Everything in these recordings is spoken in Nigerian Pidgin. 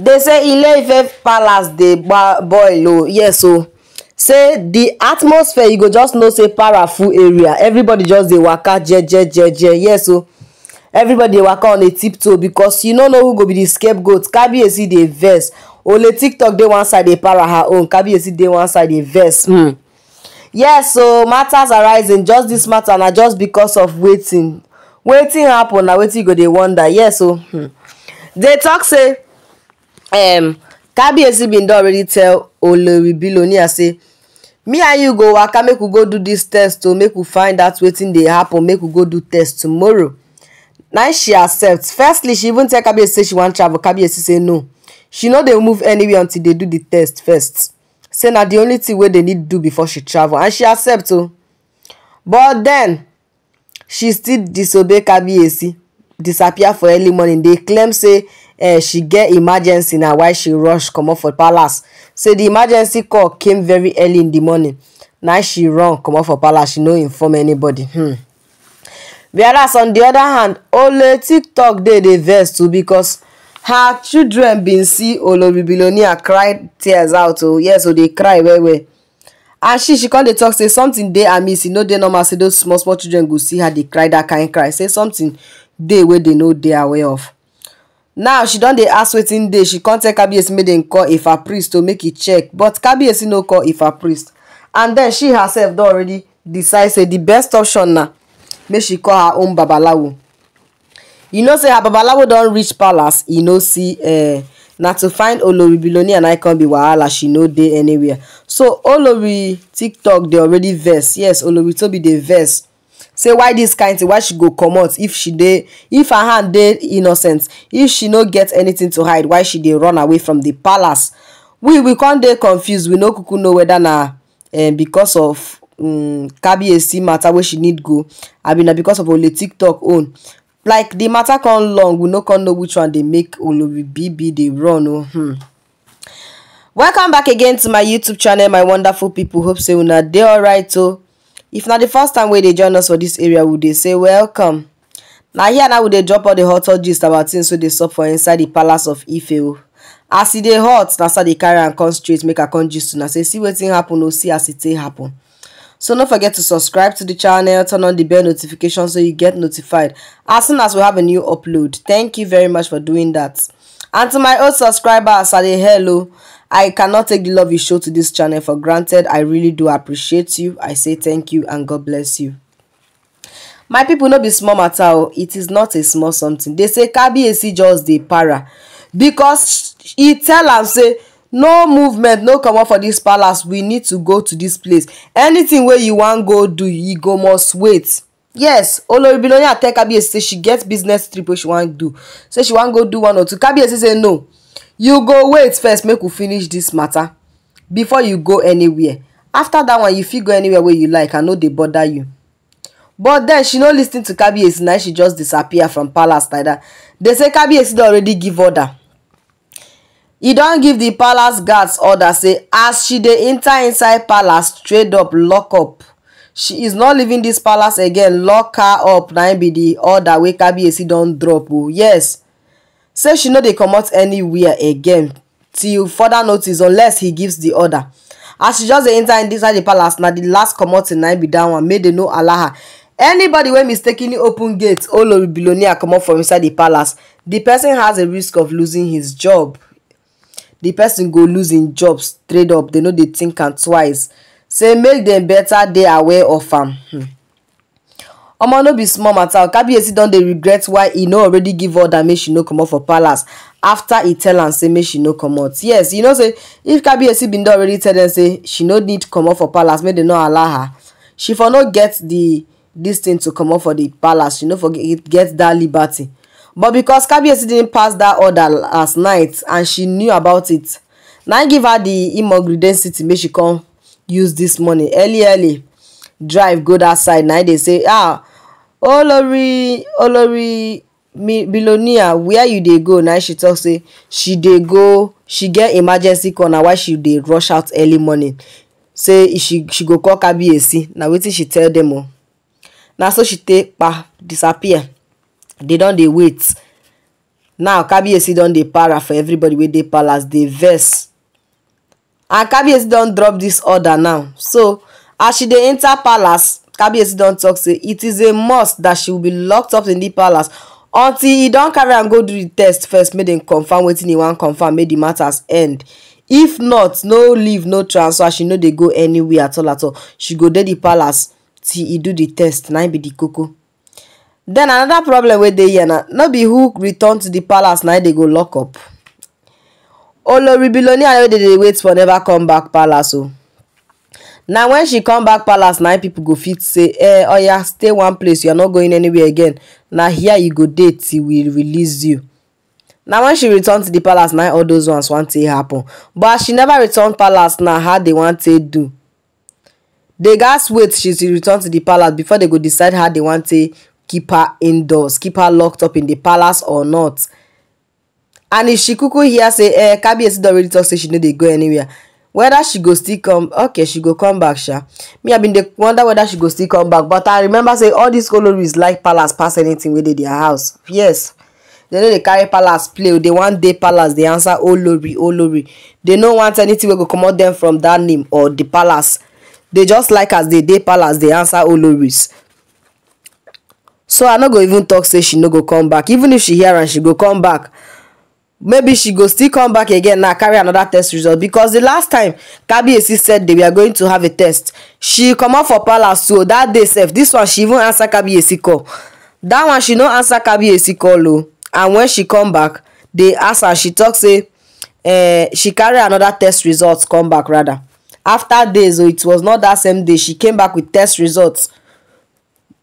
they say ile-ife palace dey boil o yes o say the atmosphere you go just know say para full area everybody just dey waka jejejeje yes o everybody dey waka on a tiptoe because you no know who go be the scapegoat kabiyesi dey vex ole tiktok dey one side dey para her own kabiyesi dey one side dey vex hmm. yes o so matters arising just this matter na just because of wetin wetin happen na wetin you go dey wonder yes o so, hmm. dey talk say um, kabiyesi bin don already tell olori billionaire say me and you go waka make we go do dis test to oh, make we find out wetin dey happen make we go do test tomorrow na she accept firstly she even tell kabiyesi say she wan travel kabiyesi say no she no dey move anywhere until they do the test first say na the only thing wey they need do before she travel and she accept o oh. but then she still disobey kabiyesi disappear for early morning They claim say Eh, she get emergency na why she rush comot for palace say di emergency call came very early in di morning na she run comot for palace she no inform anybody hmm whereas on di oda hand ole tiktok dey dey vex too becos her children bin see oloribiloniya cry tears out o yes o dey cry well well and she she come dey tok say something dey amiss e no dey normal say those small small children go see her dey cry dat kain cry say something dey wey dey no dey aware of now she don dey ask wetin dey she con tell kabiyesi make dem call ifa priest to make e check but kabiyesi no call ifa priest and then she herself don already decide say the best option na make she call her own babalawo you know say her babalawo don reach palace e no see uh, na to find olori biloni and icon e be wahala she no dey anywhere so olori tiktok dey already vex yes olori tobi dey vex say why this kind thing why she go comot if she dey if her hand dey innocent if she no get anything to hide why she dey run away from the palace we we con dey confused we no kuku know whether na eh, because of mm, kabiyesi matter wey she need go abi na because of only tiktok own like the matter come long we no come know which one dey make BB dey run o oh, hmm welcome back again to my youtube channel my wonderful people hope say una dey alright o oh if not the first time where they join us for this area would they say welcome Now here now would they drop all the hot hot gist about tins so they suffer inside the palace of ife o as e dey hot na so they carry and come straight make a come gist now say see what thing happen o see as it e take happen so don't forget to subscribe to the channel turn on the bell notification so you get notified as soon as we have a new upload thank you very much for doing that and to my old subscribers i dey hello I cannot take the love you show to this channel for granted. I really do appreciate you. I say thank you and God bless you. My people no be small matter oh. It is not a small something. They say Kabiyesi just the para because he tell and say no movement no come comot for this palace we need to go to this place anything where you want go do you go must wait yes oloribilonia tell kabiyesi say she gets business trip where she want to do say she want go do one or two kabiyesi say no you go wait first make we finish this matter before you go anywhere after that, one you fit go anywhere wey you like i no dey bother you but then she no lis ten to kabiyesi na she just disappear from palace like dat dey say kabiyesi don already give order e don give the palace guards order say as she dey enter inside palace straight up lock up she is not leaving this palace again lock her up na be the order wey kabiyesi don drop o oh, yes say she no dey comot anywhere again till further notice unless he gives the order as she just dey enta inside the palace na the last commoting na im be dat one make dem no allow her anybody wey mistakenly open gate oloribiloniya comot from inside the palace the person has a risk of losing his job The person go lose im job straight up They no dey think am twice say make them better. dey aware of am hmm omo no be small matter kabiyesi don dey regret why e no already give order make she no comot for palace after e tell am say make she no comot yes you know say if kabiyesi bin don already tell dem say she no need comot for palace make dem no allow her she for no get the this thing to comot for the palace she no for get that liberty but because kabiyesi didn't pass that order last night and she knew about it na give her the imogri density make she come use this money early early drive go that side na dey say ah olori olori billionaire where you dey go na she talk say she dey go she get emergency call na why she dey rush out early morning say she she go call kabiyesi na wetin she tell dem o na so she take pa disappear dey don dey wait now kabiyesi don dey para for everybody wey dey palace dey vex and kabiyesi don drop dis order now so as she dey enter palace kabiyesi don talk. say it is a must that she will be locked up in the palace until e don carry and go do the test first make dem confirm wetin e wan confam make the matters end if not no leave no transfer she no dey go anywhere at all at all she go dey the palace till e do the test na be the koko Then another problem with the here na no be who return to the palace na they go lock up olori biloni already they wait for never come back palace o Now when she come back palace na people go fit say eh oya stay one place you are not going anywhere again Now here you go date. till we release you Now when she return to the palace na all those ones want take happen but she never return palace Now how they want take do They guys wait she return to the palace before they go decide how they want take keep her indoors keep her locked up in the palace or not and if she kuku here say eh Kabi don already talk say she know they go anywhere whether she go still come okay she go come back sha me i bin dey wonder whether she go still come back but i remember say all these coloris like palace pass anything wey dey their house yes dem no dey carry palace play o dey wan dey palace dey answer olori olori dey no want anything wey go comot dem from dat name or di palace dey just like as dey dey palace dey answer oloris so i no go even talk say she no go come back even if she hear am she go come back maybe she go still come back again now carry another test result because the last time kabiyesi said they were going to have a test she comot for palace so that day sef this one she even answer kabiyesi call that one she no answer kabiyesi call o and when she come back they ask her. she talk say uh, she carry another test result come back rather after days o it was not that same day she came back with test results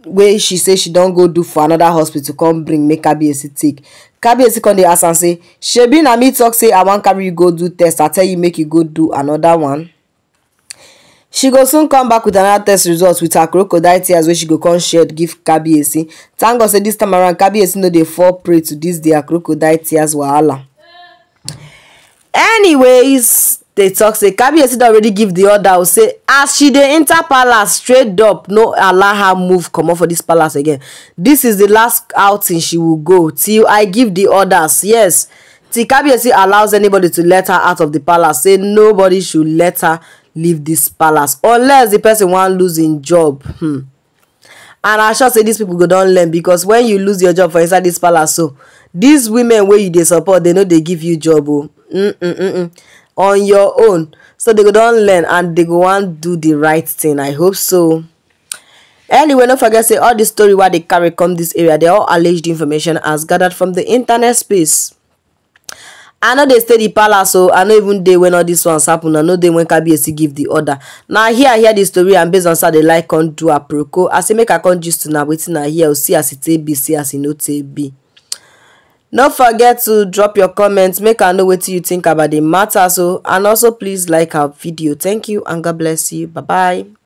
wey she say she don go do for another hospital come bring make kabiyesi take kabiyesi come dey ask am say shebi na me talk say i wan carry you go do test i tell you make you go do another one she go soon come back with another test result with her crocodile tears wey she go come shed give kabiyesi thank god say this time around kabiyesi no dey fall prey to dis dia crocodile tears wahala anyways dey talk. say kabiyesi don already give di order say as she dey enter palace straight up no allow her move comot for dis palace again dis is di last outing she will go till i give di orders yes till kabiyesi allows anybody to let her out of di palace say nobody should let her leave dis palace unless di person wan lose im job hmm. and i sure say dis pipo go don learn becos wen you lose your job for inside dis palace so dis women wey you dey support dey no dey give you job o on your own so they go don learn and they go wan do the right thing i hope so anyway no forget say all the story wey dey carry come this area dey all alleged information as gathered from the internet space i no dey stay di palace o i no even dey when all this ones happen i no dey when kabiyesi give the order na here i hear the story and based on say i dey like come do aproko i say make i come gist una wetin i hear o see as e take be see as e no take be no forget to drop your comment make i know what you think about the matter so and also please like our video thank you and god bless you bye bye